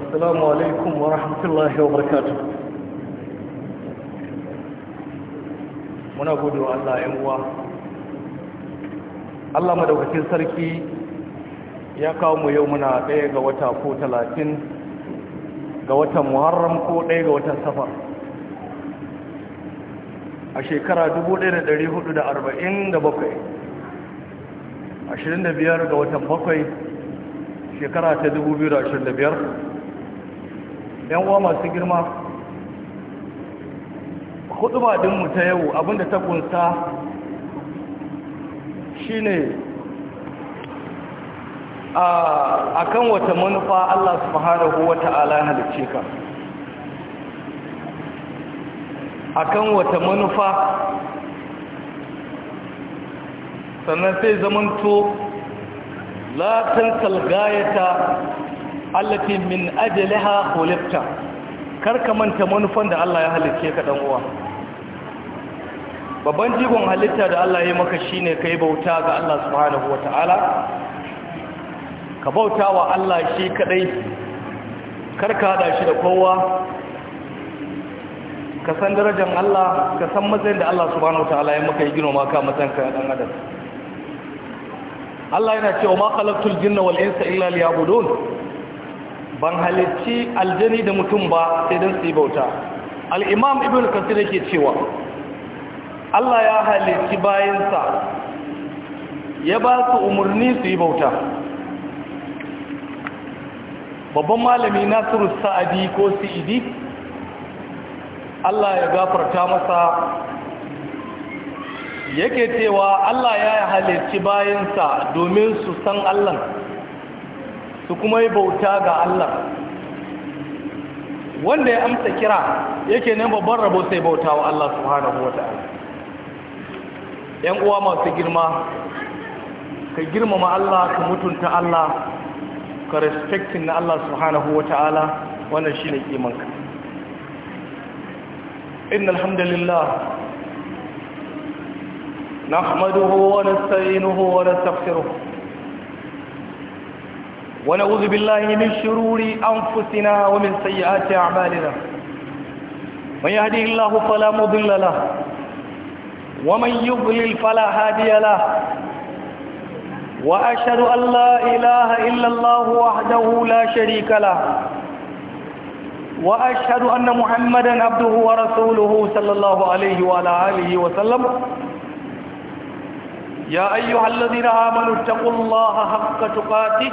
السلام عليكم ورحمة الله وبركاته muna gudu wa Allah ‘yan uwa Allah madaukakin sarki ya kawo mu yau muna ɗaya ga wata ko talatin ga watan muharram ko ɗaya ga watan safar a shekara da biyar ga watan bakwai shekara ta dubu biyu da da ashirin biyar. yan uwa masu girma huduba mu ta yau abinda ta kunsa shine a kan wata manufa Allah subhanahu wa ta'ala halicce ka akan wata manufa sannan sai zamanto la tantal gayata allafi min ajliha khuliqta kar ka manta manufan da Allah ya halicce ka dan uwa babban jigon halitta da Allah ya maka shine kai bauta ga Allah subhanahu ta’ala ka bauta wa Allah shi kadai kar ka shi da kowa ka san darajar Allah ka san matsayin da Allah subhanahu ta’ala ya maka yi gino maka matsayin ka dan adam Allah yana cewa ma khalaqtul jinna wal insa illa liya'budun ban halicci aljani da mutum ba sai don su yi bauta al'imam ibn kasir yake cewa Allah ya halicci bayansa ya ba su umarni su yi bauta babban malami nasiru sa'adi ko si'idi Allah ya gafarta masa yake cewa Allah ya halicci bayansa domin su san Allah su kuma yi bauta ga Allah wanda ya amsa kira yake nan babban rabo sai bauta wa Allah subhanahu wata'ala yan uwa masu girma ka girmama Allah ka mutunta Allah ka respectin na Allah subhanahu wata'ala wannan shine kimanka innal hamdalillah نحمده ونستعينه ونستغفره ونعوذ بالله من شرور أنفسنا ومن سيئات أعمالنا من يهدي الله فلا مضل له ومن يضلل فلا هادي له وأشهد أن لا إله إلا الله وحده لا شريك له وأشهد أن محمدا عبده ورسوله صلى الله عليه وعلى آله وسلم يا أيها الذين آمنوا اتقوا الله حق تقاته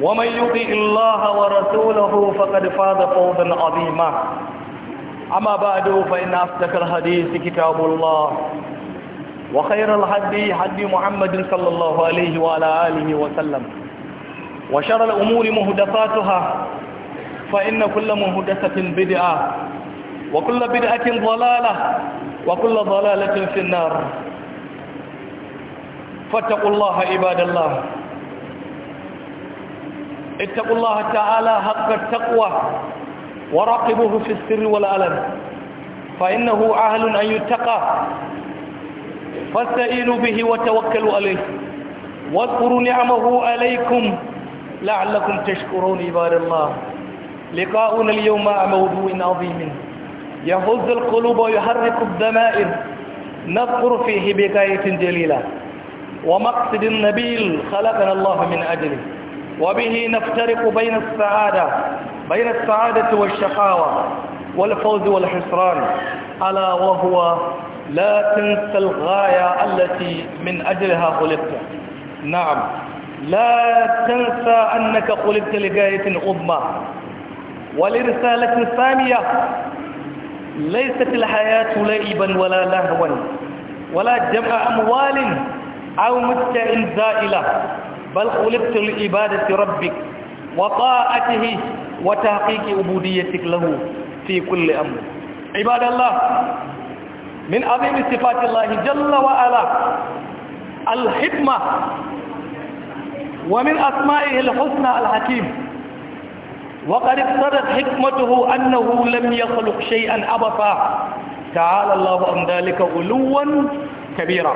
ومن يطع الله ورسوله فقد فاز فوزا عظيما أما بعد فإن افتك الحديث كتاب الله وخير الحدي حدي محمد صلى الله عليه وعلى آله وسلم وشر الأمور مهدفاتها فإن كل مهدسة بدعة وكل بدعة ضلالة وكل ضلالة في النار فاتقوا الله عباد الله اتقوا الله تعالى حق التقوى وراقبوه في السر والألم فإنه أهل أن يتقى فاستعينوا به وتوكلوا عليه واذكروا نعمه عليكم لعلكم تشكرون عباد الله لقاؤنا اليوم مع موضوع عظيم يهز القلوب ويحرك الضمائر نذكر فيه بكايه جليلة ومقصد نبيل خلقنا الله من أجله وبه نفترق بين السعادة بين السعادة والشقاوة والفوز والحسران ألا وهو لا تنسى الغاية التي من أجلها خلقت نعم لا تنسى أنك خلقت لغاية عظمى ولرسالة ثانية ليست الحياة لعبا ولا لهوا ولا جمع أموال أو متع زائلة بل خلقت لعبادة ربك وطاعته وتحقيق عبوديتك له في كل أمر عباد الله من عظيم صفات الله جل وعلا الحكمة ومن أسمائه الحسنى الحكيم وقد اقتضت حكمته أنه لم يخلق شيئا عبثا تعالى الله عن ذلك علوا كبيرا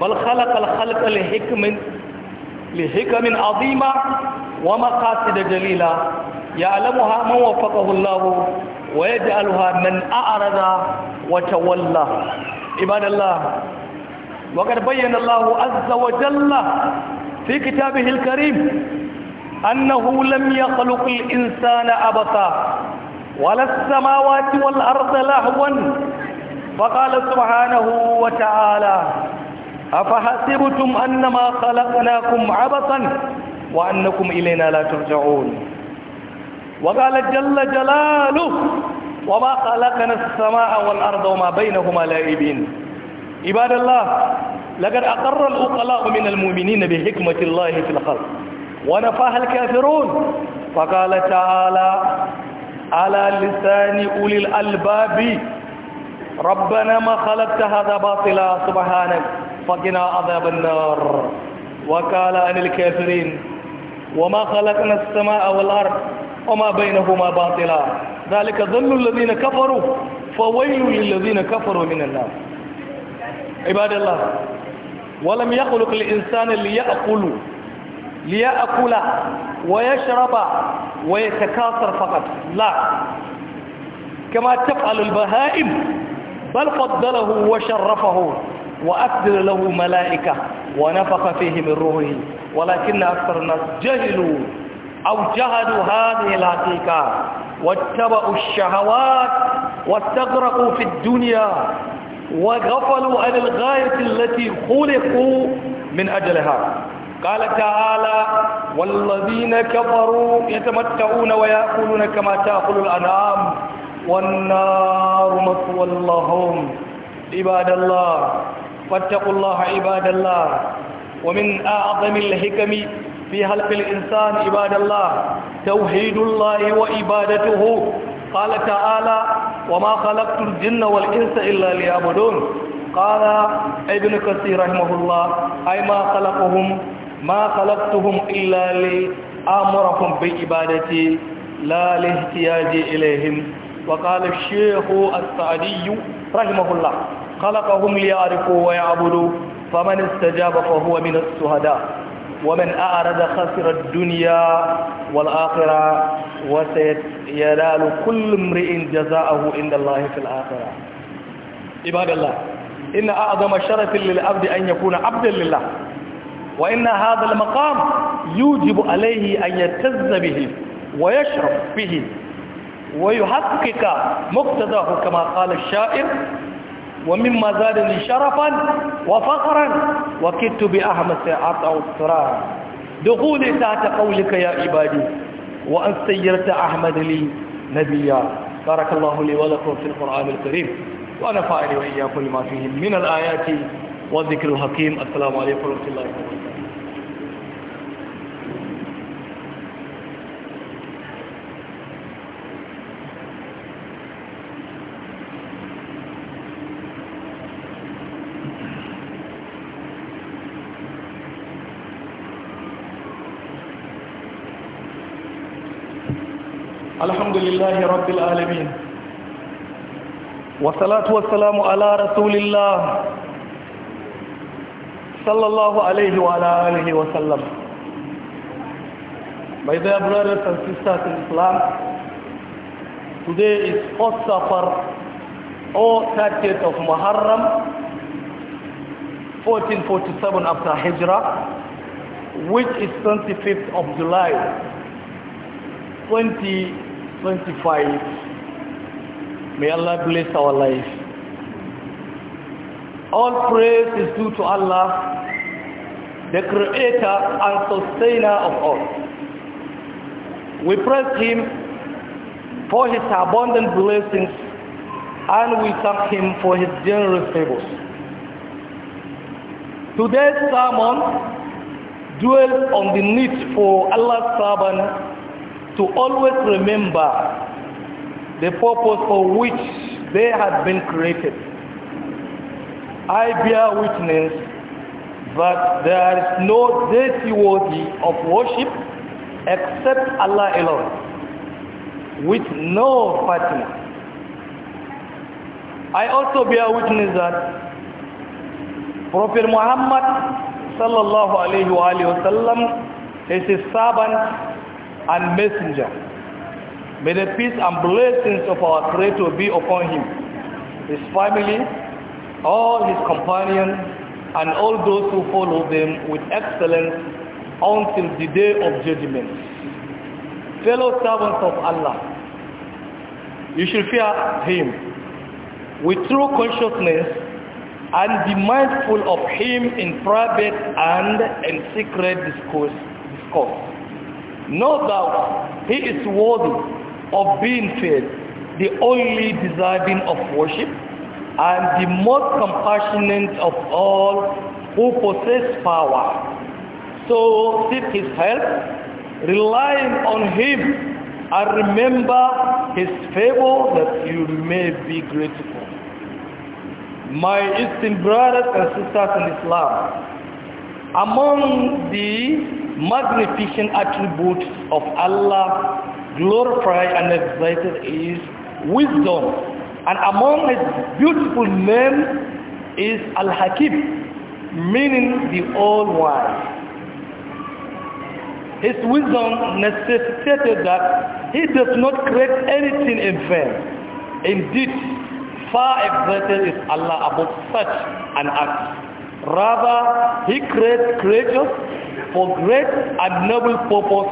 بل خلق الخلق لحكم لحكم عظيمة ومقاصد جليلة يعلمها من وفقه الله ويجعلها من أعرض وتولى عباد الله وقد بين الله عز وجل في كتابه الكريم أنه لم يخلق الإنسان أبطا ولا السماوات والأرض لهوا فقال سبحانه وتعالى أفحسبتم أنما خلقناكم عبثا وأنكم إلينا لا ترجعون وقال جل جلاله وما خلقنا السماء والأرض وما بينهما لائبين عباد الله لقد أقر الأقلاء من المؤمنين بحكمة الله في الخلق ونفاها الكافرون فقال تعالى على لسان أولي الألباب ربنا ما خلقت هذا باطلا سبحانك فقنا عذاب النار وقال عن الكافرين وما خلقنا السماء والأرض وما بينهما باطلا ذلك ظل الذين كفروا فويل للذين كفروا من النار عباد الله ولم يخلق الإنسان ليأكل ليأكل ويشرب ويتكاثر فقط لا كما تفعل البهائم بل فضله وشرفه وأسدر له ملائكة ونفخ فيه من روحه ولكن أكثر الناس جهلوا أو جهلوا هذه الحقيقة واتبعوا الشهوات واستغرقوا في الدنيا وغفلوا عن الغاية التي خلقوا من أجلها قال تعالى والذين كفروا يتمتعون ويأكلون كما تأكل الأنعام والنار مثوى اللهم عباد الله فاتقوا الله عباد الله ومن أعظم الحكم في خلق الإنسان عباد الله توحيد الله وعبادته قال تعالى وما خلقت الجن والإنس إلا ليعبدون قال ابن كثير رحمه الله أي ما خلقهم ما خلقتهم إلا لأمركم بعبادتي لا لاحتياج إليهم وقال الشيخ السعدي رحمه الله خلقهم ليعرفوا ويعبدوا فمن استجاب فهو من السهداء ومن أعرض خسر الدنيا والآخرة وسينال كل امرئ جزاءه عند الله في الآخرة عباد الله إن أعظم شرف للعبد أن يكون عبدا لله وإن هذا المقام يوجب عليه أن يتز به ويشرف به ويحقق مقتضاه كما قال الشاعر ومما زادني شرفا وفخرا وكدت بأحمس عطع التراب دخولي تحت قولك يا عبادي وأن سيرت أحمد لي نبيا بارك الله لي ولكم في القرآن الكريم وأنا فاعل وإياكم لما فيه من الآيات والذكر الحكيم السلام عليكم ورحمة الله وبركاته الحمد لله رب العالمين والصلاة والسلام على رسول الله صلى الله عليه وعلى آله وسلم My dear brothers and sisters in Islam, today is Qad Safar, or 30th of Muharram, 1447 after Hijrah, which is 25th of July, 20 25. May Allah bless our life. All praise is due to Allah, the creator and sustainer of all. We praise him for his abundant blessings and we thank him for his generous favors. Today's sermon dwells on the need for Allah's servant to always remember the purpose for which they had been created. I bear witness that there is no deity worthy of worship except Allah alone, with no partner. I also bear witness that Prophet Muhammad sallallahu alayhi wa sallam is his servant and messenger. May the peace and blessings of our Creator be upon him, his family, all his companions, and all those who follow them with excellence until the day of judgment. Fellow servants of Allah, you should fear him with true consciousness and be mindful of him in private and in secret discourse. discourse. No doubt, he is worthy of being feared, the only deserving of worship, and the most compassionate of all who possess power. So seek his help, rely on him, and remember his favor that you may be grateful. My Eastern brothers and sisters in Islam, among the magnificent attribute of Allah glorified and exalted is wisdom. And among his beautiful name is Al-Hakim, meaning the all-wise. His wisdom necessitated that he does not create anything in vain. Indeed, far exalted is Allah above such an act. Rather, he creates creatures for great and noble purpose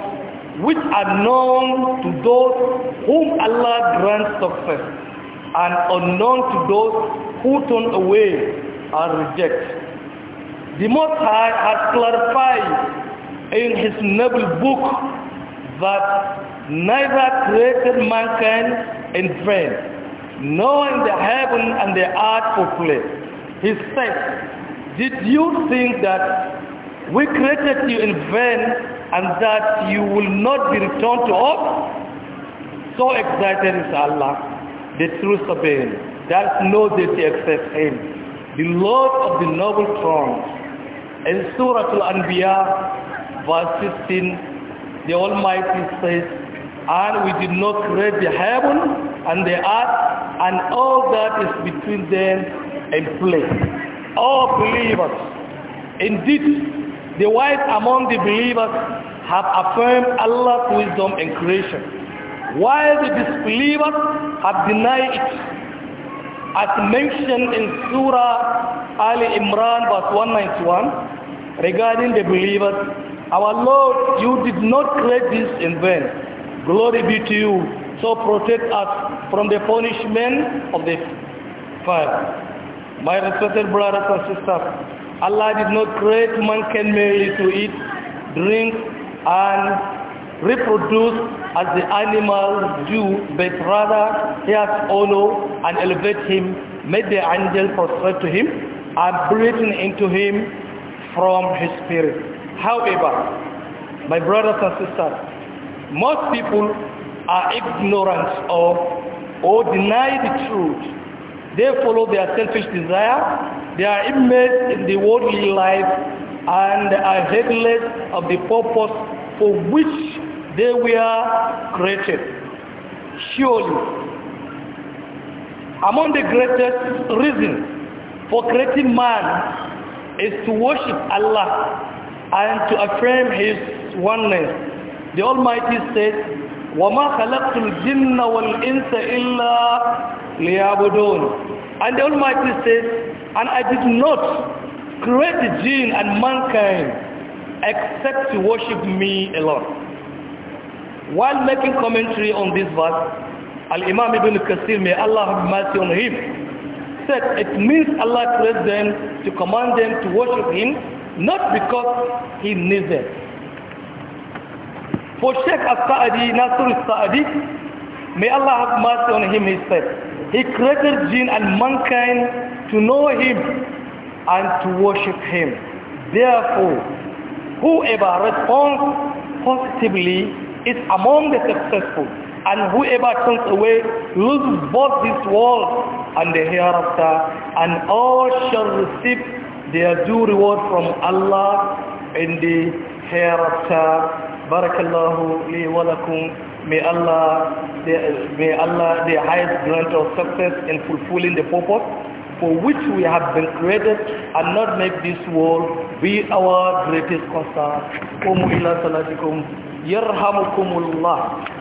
which are known to those whom Allah grants success and unknown to those who turn away and reject. The Most High has clarified in his noble book that neither created mankind in vain, nor in the heaven and the earth for play. He says, Did you think that we created you in vain and that you will not be returned to us? So excited is Allah, the true that There is no deity except Him, the Lord of the noble throne. In Surah Al-Anbiya, verse 16, the Almighty says, and we did not create the heaven and the earth and all that is between them in place. all believers. Indeed, the wise among the believers have affirmed Allah's wisdom and creation, while the disbelievers have denied it. As mentioned in Surah Ali Imran verse 191, regarding the believers, our Lord, you did not create this in vain. Glory be to you. So protect us from the punishment of the fire. My respected brothers and sisters, Allah did not create mankind merely to eat, drink, and reproduce as the animals do, but rather he has honored and elevated him, made the angel prostrate to him, and breathing into him from his spirit. However, my brothers and sisters, most people are ignorant of or deny the truth They follow their selfish desire. They are immersed in the worldly life and are heedless of the purpose for which they were created. Surely, among the greatest reasons for creating man is to worship Allah and to affirm his oneness. The Almighty said, khalaqtul jinna wal insa illa liyabudun And the Almighty says, and I did not create the jinn and mankind except to worship me alone. While making commentary on this verse, Al-Imam Ibn kasir may Allah have mercy on him, said it means Allah created them to command them to worship him, not because he needs them. For Sheikh As-Sa'adi, Nasr As-Sa'adi, may Allah have mercy on him, he said, he created jinn and mankind to know him and to worship him. Therefore, whoever responds positively is among the successful, and whoever turns away loses both this world and the hereafter, and all shall receive their due reward from Allah in the hereafter. barakallahu li wa lakum may Allah may the highest grant of success in fulfilling the purpose for which we have been created and not make this world be our greatest concern. قوموا إلى صلاتكم يرحمكم